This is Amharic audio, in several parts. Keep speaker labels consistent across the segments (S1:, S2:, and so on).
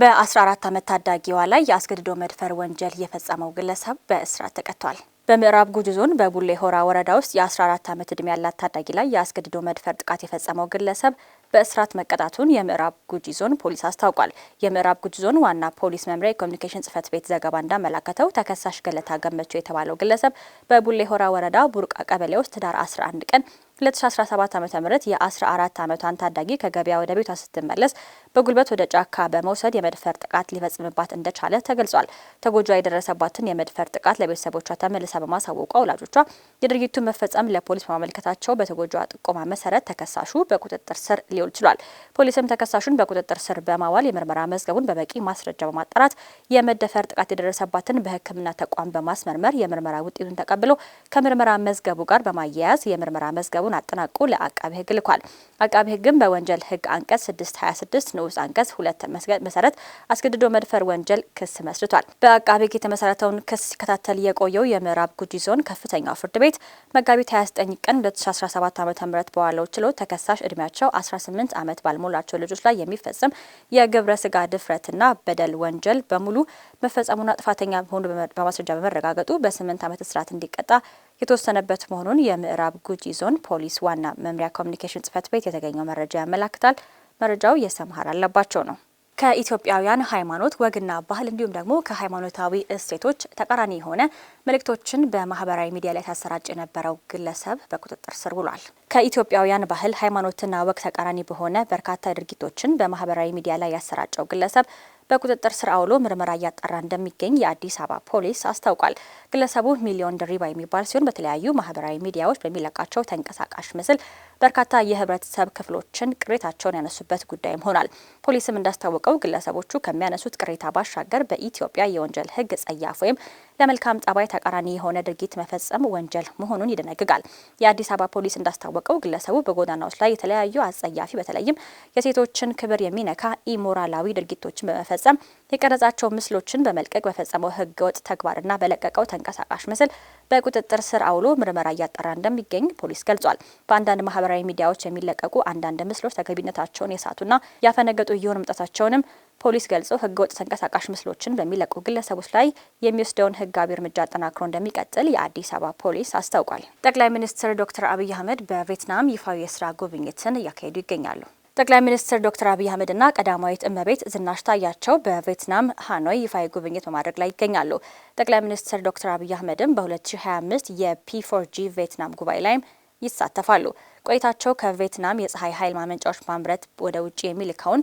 S1: በ14 ዓመት ታዳጊዋ ላይ የአስገድዶ መድፈር ወንጀል የፈጸመው ግለሰብ በእስራት ተቀጥቷል። በምዕራብ ጉጂ ዞን በቡሌ ሆራ ወረዳ ውስጥ የ14 ዓመት ዕድሜ ያላት ታዳጊ ላይ የአስገድዶ መድፈር ጥቃት የፈጸመው ግለሰብ በእስራት መቀጣቱን የምዕራብ ጉጂ ዞን ፖሊስ አስታውቋል። የምዕራብ ጉጂ ዞን ዋና ፖሊስ መምሪያ የኮሚኒኬሽን ጽህፈት ቤት ዘገባ እንዳመላከተው ተከሳሽ ገለታ ገመቹ የተባለው ግለሰብ በቡሌ ሆራ ወረዳ ቡርቃ ቀበሌ ውስጥ ኅዳር 11 ቀን 2017 ዓ ም የ14 ዓመቷን ታዳጊ ከገበያ ወደ ቤቷ ስትመለስ በጉልበት ወደ ጫካ በመውሰድ የመድፈር ጥቃት ሊፈጽምባት እንደቻለ ተገልጿል። ተጎጇ የደረሰባትን የመድፈር ጥቃት ለቤተሰቦቿ ተመልሳ በማሳወቋ ወላጆቿ የድርጊቱን መፈጸም ለፖሊስ በማመልከታቸው በተጎጇ ጥቆማ መሰረት ተከሳሹ በቁጥጥር ስር ሊውል ችሏል። ፖሊስም ተከሳሹን በቁጥጥር ስር በማዋል የምርመራ መዝገቡን በበቂ ማስረጃ በማጣራት የመደፈር ጥቃት የደረሰባትን በሕክምና ተቋም በማስመርመር የምርመራ ውጤቱን ተቀብሎ ከምርመራ መዝገቡ ጋር በማያያዝ የምርመራ መዝገቡ ሀሳቡን አጠናቆ ለአቃቤ ህግ ልኳል። አቃቤ ህግም በወንጀል ህግ አንቀጽ 626 ንዑስ አንቀጽ ሁለት መሰረት አስገድዶ መድፈር ወንጀል ክስ መስርቷል። በአቃቤ ህግ የተመሰረተውን ክስ ሲከታተል የቆየው የምዕራብ ጉጂ ዞን ከፍተኛው ፍርድ ቤት መጋቢት 29 ቀን 2017 ዓ ም በዋለው ችሎት ተከሳሽ እድሜያቸው 18 ዓመት ባልሞላቸው ልጆች ላይ የሚፈጸም የግብረ ስጋ ድፍረትና በደል ወንጀል በሙሉ መፈጸሙና ጥፋተኛ መሆኑ በማስረጃ በመረጋገጡ በ8 ዓመት እስራት እንዲቀጣ የተወሰነበት መሆኑን የምዕራብ ጉጂ ዞን ፖሊስ ዋና መምሪያ ኮሚኒኬሽን ጽፈት ቤት የተገኘው መረጃ ያመላክታል። መረጃው የሰምሃር አለባቸው ነው። ከኢትዮጵያውያን ሃይማኖት ወግና ባህል እንዲሁም ደግሞ ከሃይማኖታዊ እሴቶች ተቃራኒ የሆነ መልእክቶችን በማህበራዊ ሚዲያ ላይ ታሰራጭ የነበረው ግለሰብ በቁጥጥር ስር ውሏል። ከኢትዮጵያውያን ባህል ሃይማኖትና ወግ ተቃራኒ በሆነ በርካታ ድርጊቶችን በማህበራዊ ሚዲያ ላይ ያሰራጨው ግለሰብ በቁጥጥር ስር አውሎ ምርመራ እያጣራ እንደሚገኝ የአዲስ አበባ ፖሊስ አስታውቋል። ግለሰቡ ሚሊዮን ድሪባ የሚባል ሲሆን በተለያዩ ማህበራዊ ሚዲያዎች በሚለቃቸው ተንቀሳቃሽ ምስል በርካታ የህብረተሰብ ክፍሎችን ቅሬታቸውን ያነሱበት ጉዳይም ሆኗል። ፖሊስም እንዳስታወቀው ግለሰቦቹ ከሚያነሱት ቅሬታ ባሻገር በኢትዮጵያ የወንጀል ህግ ጸያፍ ወይም ለመልካም ጠባይ ተቃራኒ የሆነ ድርጊት መፈጸም ወንጀል መሆኑን ይደነግጋል። የአዲስ አበባ ፖሊስ እንዳስታወቀው ግለሰቡ በጎዳናዎች ላይ የተለያዩ አጸያፊ በተለይም የሴቶችን ክብር የሚነካ ኢሞራላዊ ድርጊቶችን በመፈጸም የቀረጻቸው ምስሎችን በመልቀቅ በፈጸመው ህገወጥ ተግባርና በለቀቀው ተንቀሳቃሽ ምስል በቁጥጥር ስር አውሎ ምርመራ እያጠራ እንደሚገኝ ፖሊስ ገልጿል። በአንዳንድ ማህበ ማህበራዊ ሚዲያዎች የሚለቀቁ አንዳንድ ምስሎች ተገቢነታቸውን የሳቱና ያፈነገጡ እየሆኑ መምጣታቸውንም ፖሊስ ገልጾ ህገወጥ ተንቀሳቃሽ ምስሎችን በሚለቁ ግለሰቦች ላይ የሚወስደውን ህጋዊ እርምጃ አጠናክሮ እንደሚቀጥል የአዲስ አበባ ፖሊስ አስታውቋል። ጠቅላይ ሚኒስትር ዶክተር አብይ አህመድ በቬትናም ይፋዊ የስራ ጉብኝትን እያካሄዱ ይገኛሉ። ጠቅላይ ሚኒስትር ዶክተር አብይ አህመድ እና ቀዳማዊት እመቤት ዝናሽ ታያቸው በቬትናም ሃኖይ ይፋዊ ጉብኝት በማድረግ ላይ ይገኛሉ። ጠቅላይ ሚኒስትር ዶክተር አብይ አህመድም በ2025 የፒ4ጂ ቬትናም ጉባኤ ላይም ይሳተፋሉ። ቆይታቸው ከቬትናም የፀሐይ ኃይል ማመንጫዎች ማምረት ወደ ውጭ የሚልከውን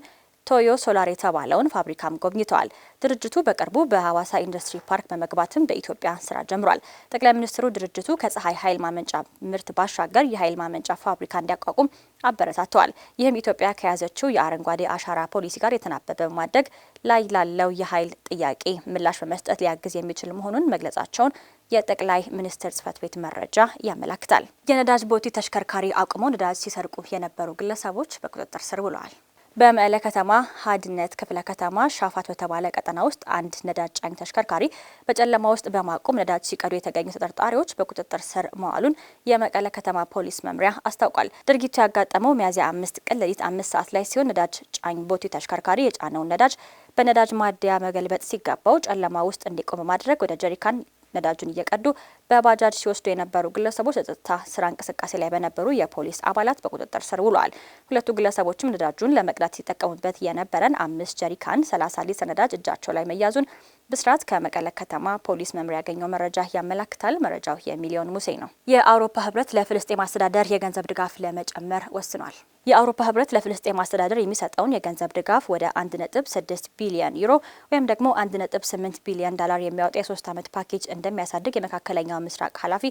S1: ቶዮ ሶላር የተባለውን ፋብሪካም ጎብኝተዋል። ድርጅቱ በቅርቡ በሐዋሳ ኢንዱስትሪ ፓርክ በመግባትም በኢትዮጵያ ስራ ጀምሯል። ጠቅላይ ሚኒስትሩ ድርጅቱ ከፀሐይ ኃይል ማመንጫ ምርት ባሻገር የኃይል ማመንጫ ፋብሪካ እንዲያቋቁም አበረታተዋል። ይህም ኢትዮጵያ ከያዘችው የአረንጓዴ አሻራ ፖሊሲ ጋር የተናበበ በማድረግ ላይ ላለው የኃይል ጥያቄ ምላሽ በመስጠት ሊያግዝ የሚችል መሆኑን መግለጻቸውን የጠቅላይ ሚኒስትር ጽህፈት ቤት መረጃ ያመላክታል። የነዳጅ ቦቲ ተሽከርካሪ አቁሞ ነዳጅ ሲሰርቁ የነበሩ ግለሰቦች በቁጥጥር ስር ውለዋል። በመቀለ ከተማ ሀድነት ክፍለ ከተማ ሻፋት በተባለ ቀጠና ውስጥ አንድ ነዳጅ ጫኝ ተሽከርካሪ በጨለማ ውስጥ በማቆም ነዳጅ ሲቀዱ የተገኙ ተጠርጣሪዎች በቁጥጥር ስር መዋሉን የመቀለ ከተማ ፖሊስ መምሪያ አስታውቋል። ድርጊቱ ያጋጠመው ሚያዝያ አምስት ቀን ሌሊት አምስት ሰዓት ላይ ሲሆን ነዳጅ ጫኝ ቦቲ ተሽከርካሪ የጫነውን ነዳጅ በነዳጅ ማደያ መገልበጥ ሲገባው ጨለማ ውስጥ እንዲቆም በማድረግ ወደ ጀሪካን ነዳጁን እየቀዱ በባጃጅ ሲወስዱ የነበሩ ግለሰቦች የጸጥታ ስራ እንቅስቃሴ ላይ በነበሩ የፖሊስ አባላት በቁጥጥር ስር ውለዋል። ሁለቱ ግለሰቦችም ነዳጁን ለመቅዳት ሲጠቀሙበት የነበረን አምስት ጀሪካን ሰላሳ ሊትር ነዳጅ እጃቸው ላይ መያዙን ብስራት ከመቀለ ከተማ ፖሊስ መምሪያ ያገኘው መረጃ ያመላክታል። መረጃው የሚሊዮን ሙሴ ነው። የአውሮፓ ህብረት ለፍልስጤም አስተዳደር የገንዘብ ድጋፍ ለመጨመር ወስኗል። የአውሮፓ ህብረት ለፍልስጤም አስተዳደር የሚሰጠውን የገንዘብ ድጋፍ ወደ 1.6 ቢሊዮን ዩሮ ወይም ደግሞ 1.8 ቢሊዮን ዶላር የሚያወጣ የሶስት ዓመት ፓኬጅ እንደሚያሳድግ የመካከለኛው ምስራቅ ኃላፊ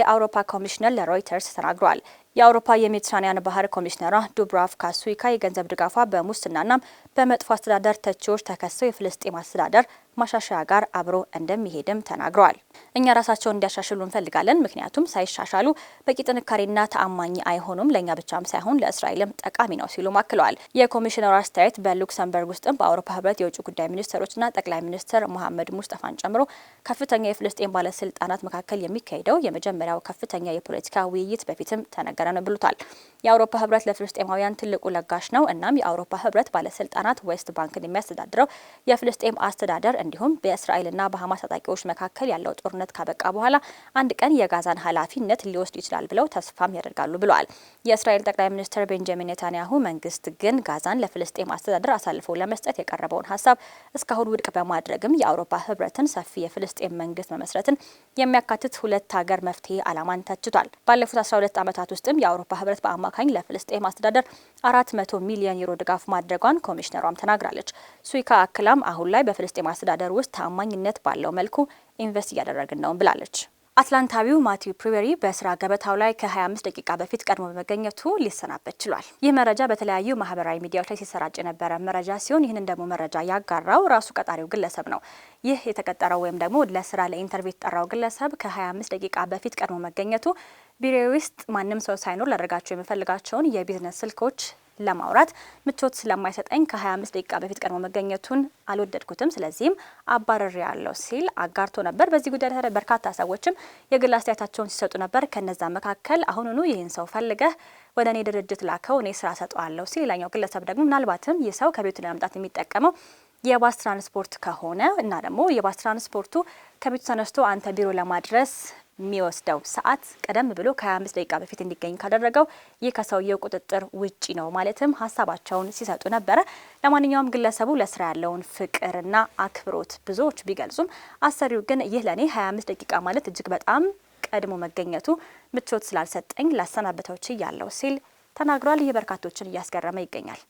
S1: የአውሮፓ ኮሚሽነር ለሮይተርስ ተናግረዋል። የአውሮፓ የሜዲትራኒያን ባህር ኮሚሽነሯ ዱብራቭካ ሱይካ የገንዘብ ድጋፏ በሙስናና በመጥፎ አስተዳደር ተቺዎች ተከሰው የፍልስጤም አስተዳደር ማሻሻያ ጋር አብሮ እንደሚሄድም ተናግረዋል። እኛ ራሳቸውን እንዲያሻሽሉ እንፈልጋለን። ምክንያቱም ሳይሻሻሉ በቂ ጥንካሬና ተአማኝ አይሆኑም፣ ለእኛ ብቻም ሳይሆን ለእስራኤልም ጠቃሚ ነው ሲሉም አክለዋል። የኮሚሽነሩ አስተያየት በሉክሰምበርግ ውስጥም በአውሮፓ ህብረት የውጭ ጉዳይ ሚኒስትሮችና ጠቅላይ ሚኒስትር መሐመድ ሙስጠፋን ጨምሮ ከፍተኛ የፍልስጤን ባለስልጣናት መካከል የሚካሄደው የመጀመሪያው ከፍተኛ የፖለቲካ ውይይት በፊትም ተነገረ ነው ብሉታል። የአውሮፓ ህብረት ለፍልስጤማውያን ትልቁ ለጋሽ ነው። እናም የአውሮፓ ህብረት ባለስልጣናት ዌስት ባንክን የሚያስተዳድረው የፍልስጤም አስተዳደር እንዲሁም በእስራኤልና በሀማስ ታጣቂዎች መካከል ያለው ጦርነት ካበቃ በኋላ አንድ ቀን የጋዛን ኃላፊነት ሊወስድ ይችላል ብለው ተስፋም ያደርጋሉ ብለዋል። የእስራኤል ጠቅላይ ሚኒስትር ቤንጃሚን ኔታንያሁ መንግስት ግን ጋዛን ለፍልስጤም አስተዳደር አሳልፎ ለመስጠት የቀረበውን ሀሳብ እስካሁን ውድቅ በማድረግም የአውሮፓ ህብረትን ሰፊ የፍልስጤም መንግስት መመስረትን የሚያካትት ሁለት ሀገር መፍትሄ አላማን ተችቷል። ባለፉት 12 ዓመታት ውስጥም የአውሮፓ ህብረት በአማካኝ ለፍልስጤም አስተዳደር 400 ሚሊዮን ዩሮ ድጋፍ ማድረጓን ኮሚሽነሯም ተናግራለች። ሱይካ አክላም አሁን ላይ በፍልስጤም አስተዳደር አስተዳደር ውስጥ ታማኝነት ባለው መልኩ ኢንቨስት እያደረግን ነው ብላለች። አትላንታዊው ማቲው ፕሪቨሪ በስራ ገበታው ላይ ከ25 ደቂቃ በፊት ቀድሞ በመገኘቱ ሊሰናበት ችሏል። ይህ መረጃ በተለያዩ ማህበራዊ ሚዲያዎች ላይ ሲሰራጭ የነበረ መረጃ ሲሆን ይህንን ደግሞ መረጃ ያጋራው ራሱ ቀጣሪው ግለሰብ ነው። ይህ የተቀጠረው ወይም ደግሞ ለስራ ለኢንተርቪው የተጠራው ግለሰብ ከ25 ደቂቃ በፊት ቀድሞ መገኘቱ ቢሮ ውስጥ ማንም ሰው ሳይኖር ላደርጋቸው የምፈልጋቸውን የቢዝነስ ስልኮች ለማውራት ምቾት ስለማይሰጠኝ ከ25 ደቂቃ በፊት ቀድሞ መገኘቱን አልወደድኩትም፣ ስለዚህም አባረር ያለው ሲል አጋርቶ ነበር። በዚህ ጉዳይ ላይ በርካታ ሰዎችም የግል አስተያየታቸውን ሲሰጡ ነበር። ከነዛ መካከል አሁኑኑ ይህን ሰው ፈልገህ ወደ እኔ ድርጅት ላከው፣ እኔ ስራ ሰጠዋለሁ ሲል፣ ሌላኛው ግለሰብ ደግሞ ምናልባትም ይህ ሰው ከቤቱ ለመምጣት የሚጠቀመው የባስ ትራንስፖርት ከሆነ እና ደግሞ የባስ ትራንስፖርቱ ከቤቱ ተነስቶ አንተ ቢሮ ለማድረስ የሚወስደው ሰዓት ቀደም ብሎ ከ25 ደቂቃ በፊት እንዲገኝ ካደረገው ይህ ከሰውየው ቁጥጥር ውጪ ነው። ማለትም ሀሳባቸውን ሲሰጡ ነበረ። ለማንኛውም ግለሰቡ ለስራ ያለውን ፍቅርና አክብሮት ብዙዎች ቢገልጹም አሰሪው ግን ይህ ለእኔ 25 ደቂቃ ማለት እጅግ በጣም ቀድሞ መገኘቱ ምቾት ስላልሰጠኝ ላሰናበተው ችያለሁ ሲል ተናግሯል። ይህ በርካቶችን እያስገረመ ይገኛል።